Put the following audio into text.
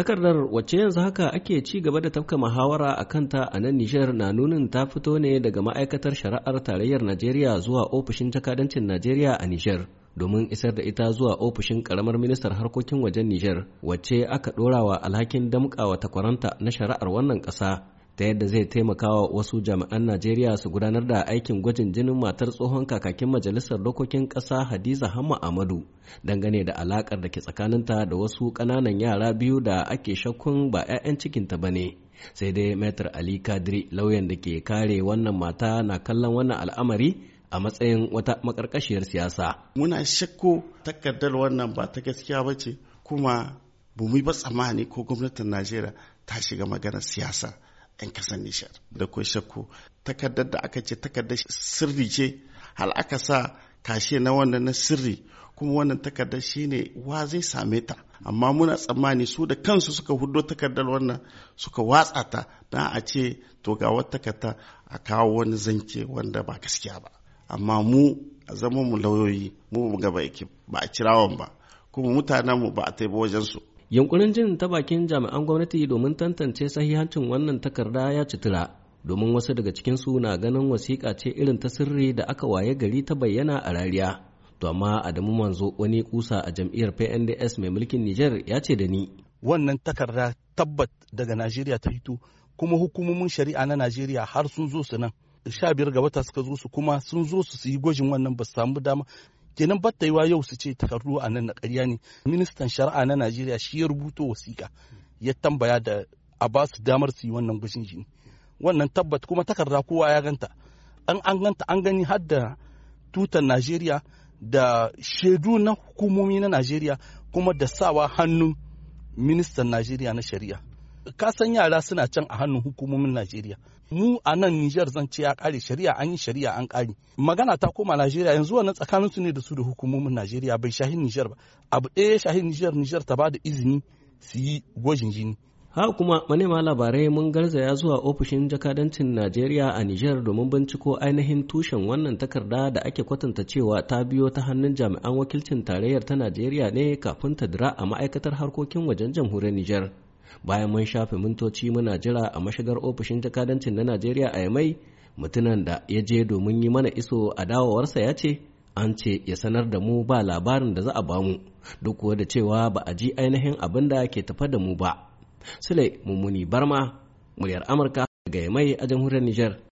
Takardar wacce yanzu haka ake ci gaba da tafka muhawara a kanta a nan Nijar na nunin ta fito ne daga ma'aikatar shari'ar tarayyar Najeriya zuwa ofishin jakadancin Najeriya a Nijar. domin isar da ita zuwa ofishin karamar ministar harkokin wajen Nijar wacce aka ɗorawa alhakin damƙawa takwaranta na shari'ar wannan ƙasa ta yadda zai taimaka wa wasu jami'an Najeriya su gudanar da aikin gwajin jinin matar tsohon kakakin majalisar dokokin ƙasa Hadiza Hamma Amadu dangane da alakar da ke tsakaninta da wasu ƙananan yara biyu da ake shakkun ba 'ya'yan cikinta ba ne. Sai dai Metar Ali Kadri lauyan da ke kare wannan mata na kallon wannan al'amari a matsayin wata makarkashiyar siyasa. Muna shakko takardar wannan ba ta gaskiya ba ce kuma bumi ba tsammani ko gwamnatin Najeriya ta shiga maganar siyasa. 'yan kasan nishar da kuwa shakku takardar da aka ce takardar sirri ce hal aka sa kashe na wannan na sirri kuma wannan takardar shine wa zai same ta amma muna tsammani su da kansu suka hudo takardar wannan suka watsa ta don a ce to ga wata takarda a kawo wani zance wanda ba gaskiya ba amma mu a zama mu lauyoyi mu ga ba a kirawan ba kuma mutanenmu ba a taiba wajensu Yunkurin jin ta bakin jami'an gwamnati domin tantance sahihancin wannan takarda ya citira, domin wasu daga su na ganin wasiƙa ce irin ta sirri da aka waye gari ta bayyana a rariya. To amma Adamu Manzo wani kusa a jam'iyyar PNDS mai mulkin Niger ya ce da ni. Wannan takarda tabbat daga Najeriya ta fito kuma hukumomin shari'a na Najeriya har sun zo su nan. sha biyar ga wata suka zo su kuma sun zo su yi gwajin wannan ba su samu dama kenan batta yiwa yau su ce takardu a nan na ƙarya ne ministan shari'a na najeriya shi ya rubuto wasiƙa ya tambaya da a ba su damar su yi wannan gushin jini wannan tabbat kuma takarda kowa ya ganta an an ganta an gani har da tutar najeriya da shaidu na hukumomi na najeriya kuma da sawa hannun ministan najeriya na shari'a ka san yara suna can a hannun hukumomin Najeriya. Mu a nan Nijar zan ce ya kare shari'a an yi shari'a an kare. Magana ta koma Najeriya yanzu wannan tsakanin su ne da su da hukumomin Najeriya bai shahin Nijar ba. Abu ɗaya shahin Nijar Nijar ta ba da izini su yi gwajin jini. Ha kuma manema labarai mun garzaya zuwa ofishin jakadancin Najeriya a Nijar domin binciko ainihin tushen wannan takarda da ake kwatanta cewa ta biyo ta hannun jami'an wakilcin tarayyar ta Najeriya ne kafin ta dira a ma'aikatar harkokin wajen jamhuriyar Nijar. bayan mun shafe mintoci muna jira a mashigar ofishin jakadancin na najeriya a yamai mutumin da ya je domin yi mana iso a dawowarsa ya ce an ce ya sanar da mu ba labarin da za a bamu duk kuwa da cewa ba a ji ainihin abin da ke tafa da mu ba sule mummuni barma muryar amurka daga yamai a jamhuriyar Nijar.